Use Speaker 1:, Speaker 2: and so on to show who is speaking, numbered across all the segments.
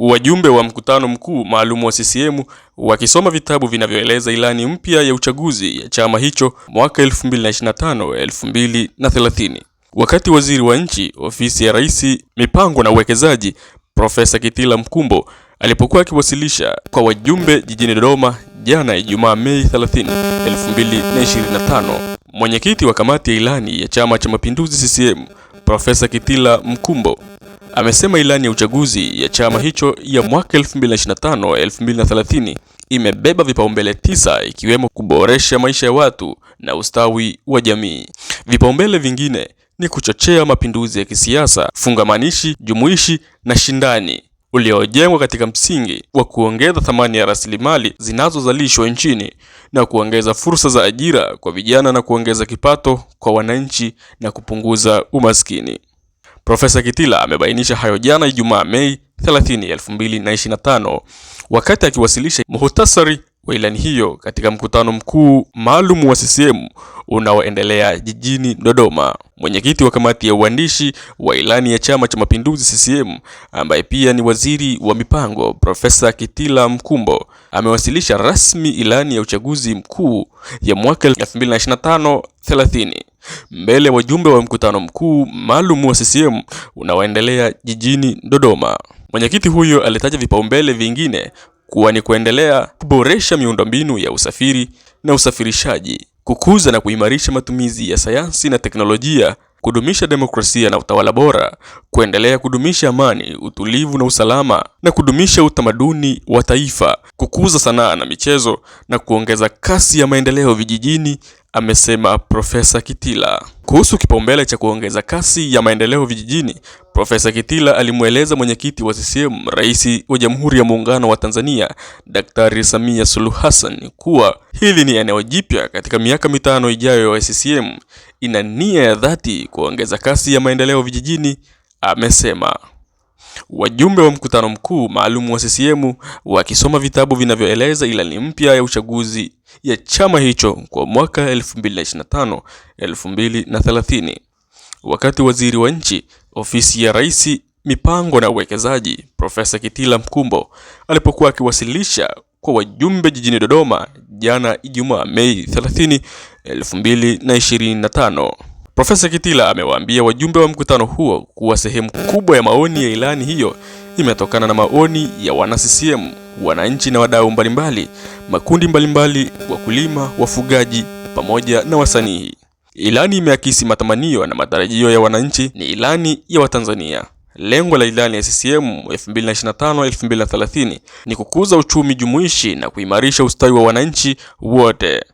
Speaker 1: Wajumbe wa mkutano mkuu maalum wa CCM wakisoma vitabu vinavyoeleza ilani mpya ya uchaguzi ya chama hicho mwaka 2025 2030. Wakati waziri wa nchi ofisi ya Rais, mipango na uwekezaji, Profesa Kitila Mkumbo alipokuwa akiwasilisha kwa wajumbe jijini Dodoma jana Ijumaa Mei 30, 2025, mwenyekiti wa kamati ya ilani ya Chama cha Mapinduzi CCM Profesa Kitila Mkumbo Amesema ilani ya uchaguzi ya chama hicho ya mwaka 2025-2030 imebeba vipaumbele tisa ikiwemo kuboresha maisha ya watu na ustawi wa jamii. Vipaumbele vingine ni kuchochea mapinduzi ya kisiasa fungamanishi, jumuishi na shindani uliojengwa katika msingi wa kuongeza thamani ya rasilimali zinazozalishwa nchini na kuongeza fursa za ajira kwa vijana na kuongeza kipato kwa wananchi na kupunguza umaskini. Profesa Kitila amebainisha hayo jana Ijumaa Mei 30, 2025 wakati akiwasilisha muhtasari wa ilani hiyo katika mkutano mkuu maalum wa CCM unaoendelea jijini Dodoma. Mwenyekiti wa kamati ya uandishi wa ilani ya Chama cha Mapinduzi CCM ambaye pia ni waziri wa mipango, Profesa Kitila Mkumbo amewasilisha rasmi ilani ya uchaguzi mkuu ya mwaka 2025 30 mbele wajumbe wa mkutano mkuu maalum wa CCM unaoendelea jijini Dodoma. Mwenyekiti huyo alitaja vipaumbele vingine kuwa ni kuendelea kuboresha miundombinu ya usafiri na usafirishaji, kukuza na kuimarisha matumizi ya sayansi na teknolojia kudumisha demokrasia na utawala bora, kuendelea kudumisha amani, utulivu na usalama, na kudumisha utamaduni wa taifa, kukuza sanaa na michezo, na kuongeza kasi ya maendeleo vijijini, amesema Profesa Kitila. Kuhusu kipaumbele cha kuongeza kasi ya maendeleo vijijini, Profesa Kitila alimweleza mwenyekiti wa CCM Rais wa Jamhuri ya Muungano wa Tanzania Daktari Samia Suluhu Hassan kuwa hili ni eneo jipya katika miaka mitano ijayo ya CCM ina nia ya dhati kuongeza kasi ya maendeleo vijijini, amesema. Wajumbe wa mkutano mkuu maalum wa CCM wakisoma vitabu vinavyoeleza ilani mpya ya uchaguzi ya chama hicho kwa mwaka 2025 2030, wakati waziri wa nchi Ofisi ya Rais mipango na uwekezaji, Profesa Kitila Mkumbo alipokuwa akiwasilisha kwa wajumbe jijini Dodoma jana Ijumaa Mei 30, 2025. Profesa Kitila amewaambia wajumbe wa mkutano huo kuwa sehemu kubwa ya maoni ya ilani hiyo imetokana na maoni ya wana CCM, wananchi na wadau mbalimbali, makundi mbalimbali, wakulima, wafugaji pamoja na wasanii. Ilani imeakisi matamanio na matarajio ya wananchi. Ni ilani ya Watanzania. Lengo la ilani ya CCM 2025-2030 ni kukuza uchumi jumuishi na kuimarisha ustawi wa wananchi wote,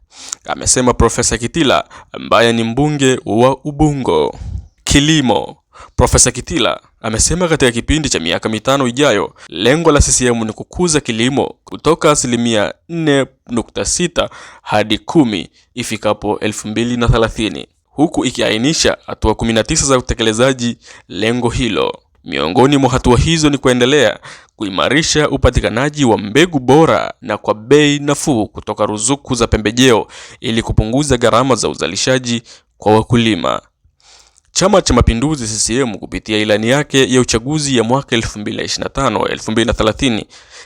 Speaker 1: amesema Profesa Kitila ambaye ni mbunge wa Ubungo. Kilimo Profesa Kitila amesema katika kipindi cha miaka mitano ijayo, lengo la CCM ni kukuza kilimo kutoka asilimia 4.6 hadi 10 ifikapo 2030 huku ikiainisha hatua 19 za utekelezaji lengo hilo. Miongoni mwa hatua hizo ni kuendelea kuimarisha upatikanaji wa mbegu bora na kwa bei nafuu kutoka ruzuku za pembejeo ili kupunguza gharama za uzalishaji kwa wakulima. Chama cha Mapinduzi CCM kupitia ilani yake ya uchaguzi ya mwaka 2025 2030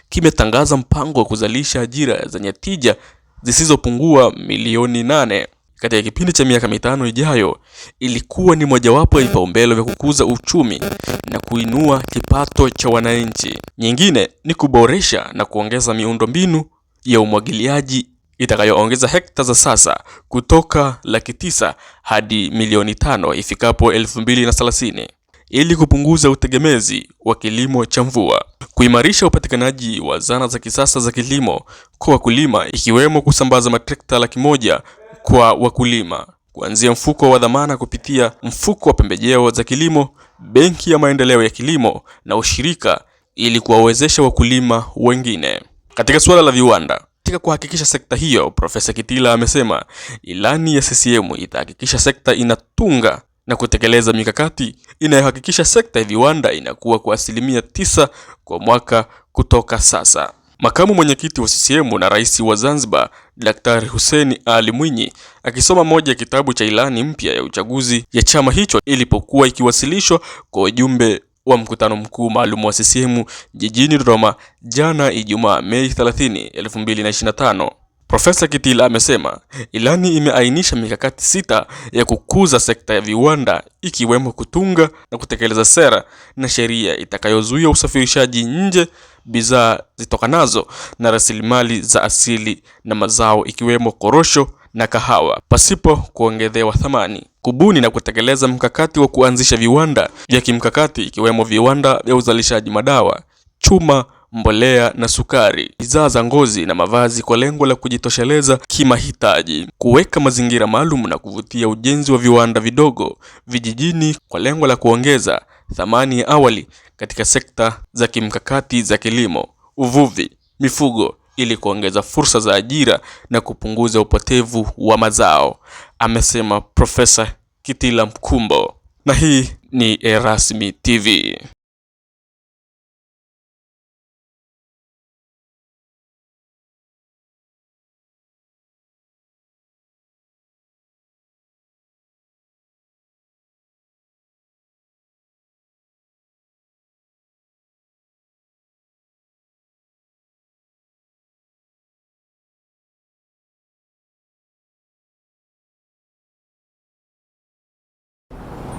Speaker 1: kimetangaza mpango wa kuzalisha ajira zenye tija zisizopungua milioni nane katika kipindi cha miaka mitano ijayo. Ilikuwa ni mojawapo ya vipaumbele vya kukuza uchumi na kuinua kipato cha wananchi. Nyingine ni kuboresha na kuongeza miundombinu ya umwagiliaji itakayoongeza hekta za sasa kutoka laki tisa hadi milioni tano ifikapo elfu mbili na 2030 ili kupunguza utegemezi wa kilimo cha mvua, kuimarisha upatikanaji wa zana za kisasa za kilimo kwa wakulima, ikiwemo kusambaza matrekta laki moja kwa wakulima kuanzia mfuko wa dhamana kupitia mfuko wa pembejeo za kilimo, benki ya maendeleo ya kilimo na ushirika, ili kuwawezesha wakulima wengine. Katika suala la viwanda, katika kuhakikisha sekta hiyo, Profesa Kitila amesema ilani ya CCM itahakikisha sekta inatunga na kutekeleza mikakati inayohakikisha sekta ya viwanda inakuwa kwa asilimia tisa kwa mwaka kutoka sasa. Makamu mwenyekiti wa CCM na rais wa Zanzibar Daktari Hussein Ali Mwinyi akisoma moja ya kitabu cha ilani mpya ya uchaguzi ya chama hicho ilipokuwa ikiwasilishwa kwa ujumbe wa mkutano mkuu maalum wa CCM jijini Dodoma jana Ijumaa Mei 30, 2025. Profesa Kitila amesema ilani imeainisha mikakati sita ya kukuza sekta ya viwanda ikiwemo kutunga na kutekeleza sera na sheria itakayozuia usafirishaji nje bidhaa zitokanazo na rasilimali za asili na mazao ikiwemo korosho na kahawa pasipo kuongezewa thamani. Kubuni na kutekeleza mkakati wa kuanzisha viwanda vya kimkakati ikiwemo viwanda vya uzalishaji madawa, chuma, mbolea na sukari, bidhaa za ngozi na mavazi kwa lengo la kujitosheleza kimahitaji. Kuweka mazingira maalum na kuvutia ujenzi wa viwanda vidogo vijijini kwa lengo la kuongeza thamani ya awali katika sekta za kimkakati za kilimo, uvuvi, mifugo ili kuongeza fursa za ajira na kupunguza upotevu wa mazao, amesema Profesa Kitila Mkumbo. Na hii ni Erasmi TV.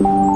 Speaker 1: Música